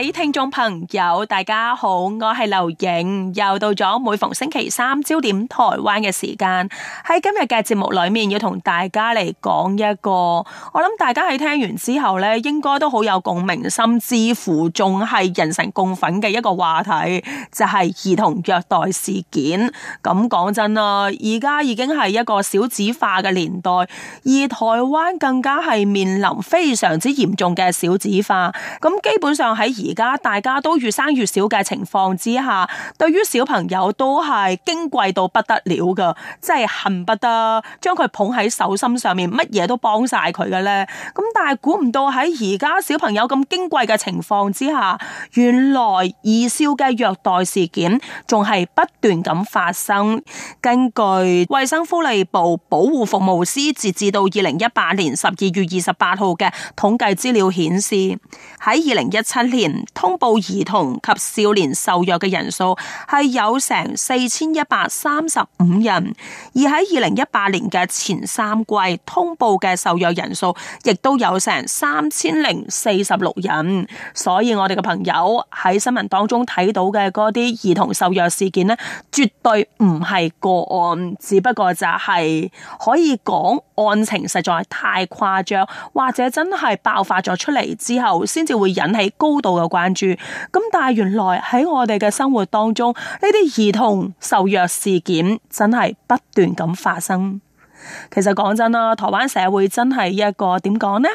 各位聽眾朋友，大家好，我係劉穎，又到咗每逢星期三焦點台灣嘅時間。喺今日嘅節目裏面，要同大家嚟講一個，我諗大家喺聽完之後咧，應該都好有共鳴，甚至乎仲係人神共憤嘅一個話題，就係兒童虐待事件。咁講真啦，而家已經係一個少子化嘅年代，而台灣更加係面臨非常之嚴重嘅少子化。咁基本上喺兒而家大家都越生越少嘅情況之下，對於小朋友都係矜貴到不得了嘅，即係恨不得將佢捧喺手心上面，乜嘢都幫晒佢嘅咧。咁但係估唔到喺而家小朋友咁矜貴嘅情況之下，原來兒少嘅虐待事件仲係不斷咁發生。根據衛生福利部保護服務司截至到二零一八年十二月二十八號嘅統計資料顯示，喺二零一七年，通報兒童及少年受虐嘅人數係有成四千一百三十五人，而喺二零一八年嘅前三季通報嘅受虐人數亦都有成三千零四十六人。所以我哋嘅朋友喺新聞當中睇到嘅嗰啲兒童受虐事件咧，絕對唔係個案，只不過就係、是、可以講案情實在太誇張，或者真係爆發咗出嚟之後，先至會引起高度。個關注咁，但係原來喺我哋嘅生活當中，呢啲兒童受虐事件真係不斷咁發生。其實講真啦，台灣社會真係一個點講呢？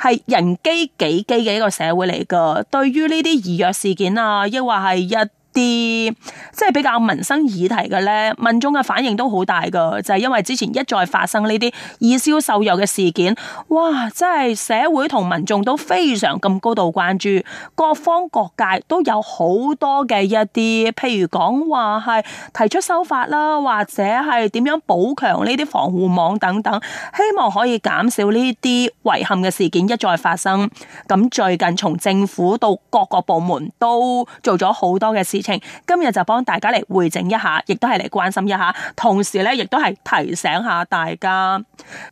係人飢己飢嘅一個社會嚟㗎。對於呢啲兒虐事件啊，抑或係一。啲即係比較民生議題嘅咧，民眾嘅反應都好大噶，就係、是、因為之前一再發生呢啲兒少受虐嘅事件，哇！真係社會同民眾都非常咁高度關注，各方各界都有好多嘅一啲，譬如講話係提出修法啦，或者係點樣補強呢啲防護網等等，希望可以減少呢啲遺憾嘅事件一再發生。咁最近從政府到各個部門都做咗好多嘅事。今日就幫大家嚟回正一下，亦都係嚟關心一下，同時咧，亦都係提醒下大家。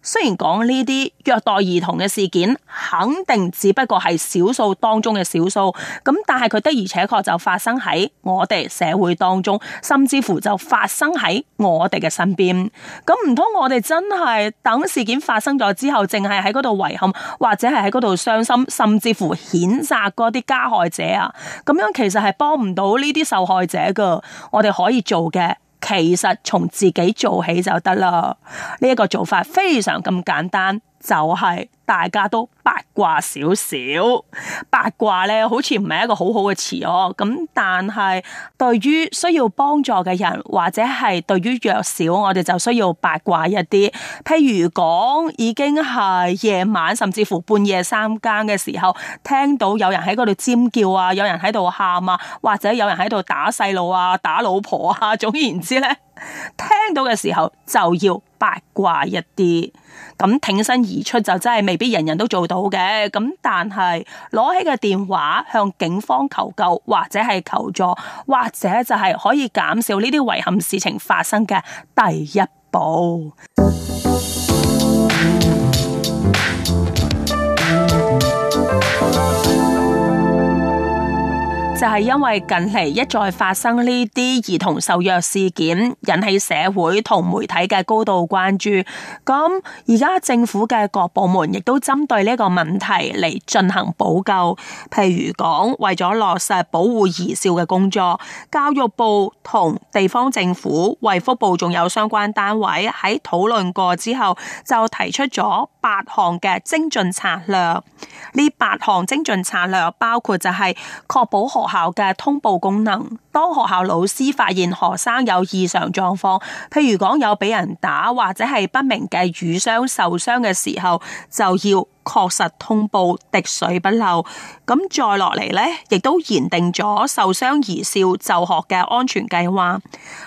雖然講呢啲虐待兒童嘅事件，肯定只不過係少數當中嘅少數，咁但係佢的而且確就發生喺我哋社會當中，甚至乎就發生喺我哋嘅身邊。咁唔通我哋真係等事件發生咗之後，淨係喺度遺憾，或者係喺度傷心，甚至乎譴責嗰啲加害者啊？咁樣其實係幫唔到呢啲。受害者噶，我哋可以做嘅，其實從自己做起就得啦。呢、這、一個做法非常咁簡單。就係大家都八卦少少，八卦咧，好似唔係一個好好嘅詞哦、啊。咁但係對於需要幫助嘅人，或者係對於弱小，我哋就需要八卦一啲。譬如講已經係夜晚，甚至乎半夜三更嘅時候，聽到有人喺嗰度尖叫啊，有人喺度喊啊，或者有人喺度打細路啊，打老婆啊，總言之咧，聽到嘅時候就要。八卦一啲，咁挺身而出就真係未必人人都做到嘅。咁但係攞起個電話向警方求救，或者係求助，或者就係可以減少呢啲遺憾事情發生嘅第一步。就係因為近期一再發生呢啲兒童受虐事件，引起社會同媒體嘅高度關注。咁而家政府嘅各部門亦都針對呢個問題嚟進行補救，譬如講，為咗落實保護兒少嘅工作，教育部同地方政府、衛福部仲有相關單位喺討論過之後，就提出咗八項嘅精進策略，呢八項精進策略包括就係確保學校嘅通報功能。當學校老師發現學生有異常狀況，譬如講有俾人打或者係不明嘅瘀傷受傷嘅時候，就要確實通報，滴水不漏。咁再落嚟呢，亦都研定咗受傷兒少就學嘅安全計劃，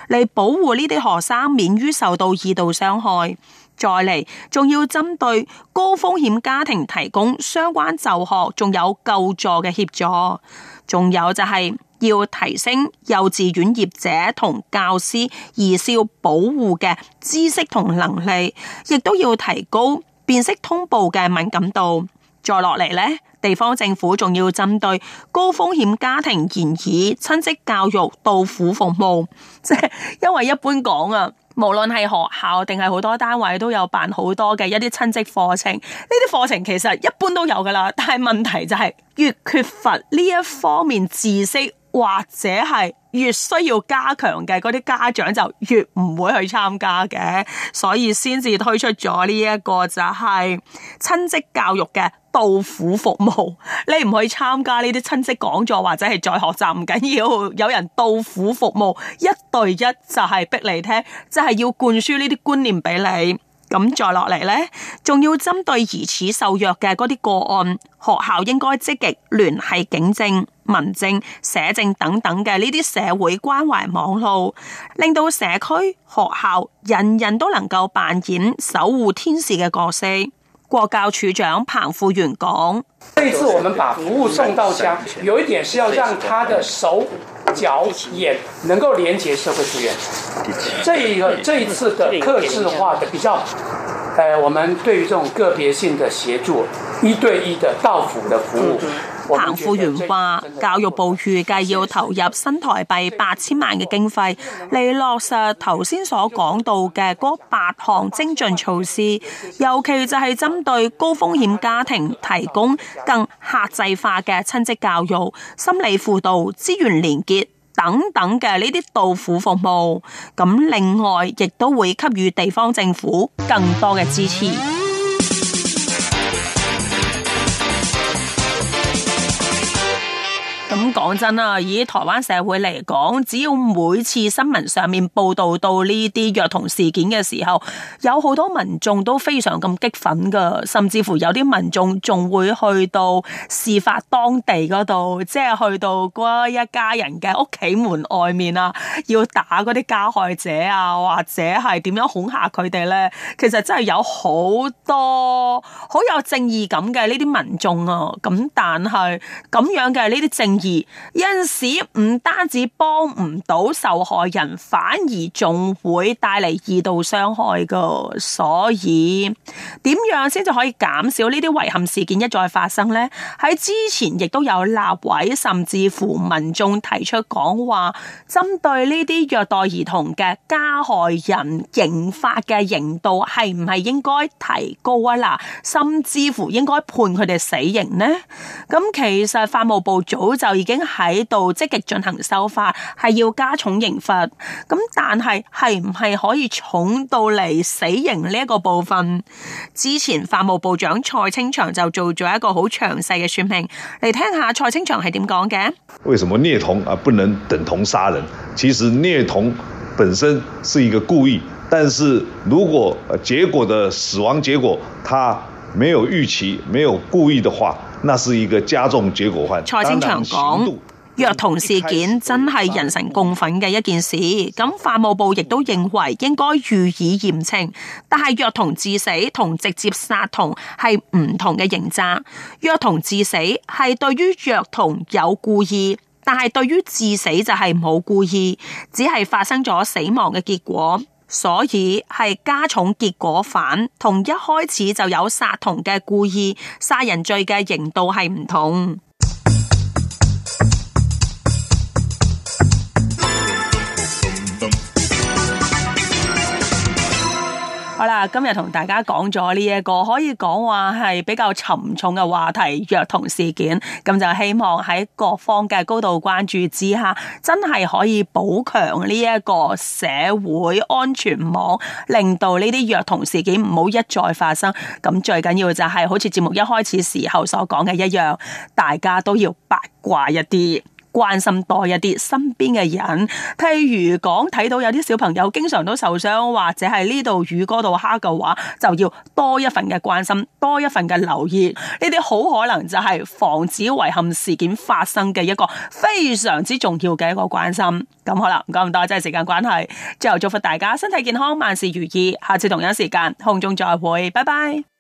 嚟保護呢啲學生免於受到二度傷害。再嚟，仲要針對高風險家庭提供相關就學仲有救助嘅協助，仲有就係要提升幼稚園業者同教師兒少保護嘅知識同能力，亦都要提高辨識通報嘅敏感度。再落嚟呢，地方政府仲要針對高風險家庭，言語親戚教育到府服務，即係因為一般講啊。無論係學校定係好多單位都有辦好多嘅一啲親職課程，呢啲課程其實一般都有㗎喇，但係問題就係越缺乏呢一方面知識。或者係越需要加強嘅嗰啲家長就越唔會去參加嘅，所以先至推出咗呢一個就係親職教育嘅到府服務。你唔去參加呢啲親職講座或者係再學習唔緊要，有人到府服務一對一就係逼你聽，即係要灌輸呢啲觀念俾你。咁再落嚟呢，仲要針對疑似受虐嘅嗰啲個案，學校應該積極聯繫警政、民政、社政等等嘅呢啲社會關懷網絡，令到社區、學校人人都能夠扮演守護天使嘅角色。國教處長彭富源講，這一次我們把服務送到家，有一點是要讓他的手腳眼能夠連接社會資源。這一個這一次的客製化的比較，誒、呃，我們對於這種個別性的協助，一對一的到府的服務。彭富源話，教育部預計要投入新台幣八千萬嘅經費，嚟落實頭先所講到嘅嗰八項精進措施，尤其就係針對高風險家庭提供更客製化嘅親職教育、心理輔導、資源連結等等嘅呢啲到府服務。咁另外，亦都會給予地方政府更多嘅支持。咁講真啊，以台灣社會嚟講，只要每次新聞上面報道到呢啲虐童事件嘅時候，有好多民眾都非常咁激憤噶，甚至乎有啲民眾仲會去到事發當地度，即係去到一家人嘅屋企門外面啊，要打啲加害者啊，或者係點樣恐嚇佢哋咧，其實真係有好多好有正義感嘅呢啲民眾啊，咁但係咁樣嘅呢啲正義而因此唔單止幫唔到受害人，反而仲會帶嚟二度傷害噶。所以點樣先至可以減少呢啲遺憾事件一再發生呢？喺之前亦都有立委，甚至乎民眾提出講話，針對呢啲虐待兒童嘅加害人，刑法嘅刑度係唔係應該提高啊？嗱，甚至乎應該判佢哋死刑呢？咁其實法務部早就就已經喺度積極進行修法，係要加重刑罰。咁但係係唔係可以重到嚟死刑呢一個部分？之前法務部長蔡清祥就做咗一個好詳細嘅説明，嚟聽下蔡清祥係點講嘅。為什麼虐童啊不能等同殺人？其實虐童本身是一個故意，但是如果結果的死亡結果，他沒有預期、沒有故意的話。那是一個加重結果犯。蔡清祥講，虐童事件真係人神共憤嘅一件事。咁法務部亦都認為應該予以嚴懲，但係虐童致死同直接殺童係唔同嘅刑責。虐童致死係對於虐童有故意，但係對於致死就係冇故意，只係發生咗死亡嘅結果。所以係加重結果犯，同一開始就有殺童嘅故意，殺人罪嘅刑度係唔同。今日同大家講咗呢一個可以講話係比較沉重嘅話題，虐童事件。咁就希望喺各方嘅高度關注之下，真係可以補強呢一個社會安全網，令到呢啲虐童事件唔好一再發生。咁最緊要就係好似節目一開始時候所講嘅一樣，大家都要八卦一啲。關心多一啲身邊嘅人，譬如講睇到有啲小朋友經常都受傷，或者係呢度淤嗰度蝦嘅話，就要多一份嘅關心，多一份嘅留意，呢啲好可能就係防止遺憾事件發生嘅一個非常之重要嘅一個關心。咁好啦，唔該咁多謝，真係時間關係，最後祝福大家身體健康，萬事如意，下次同樣時間，空中再會，拜拜。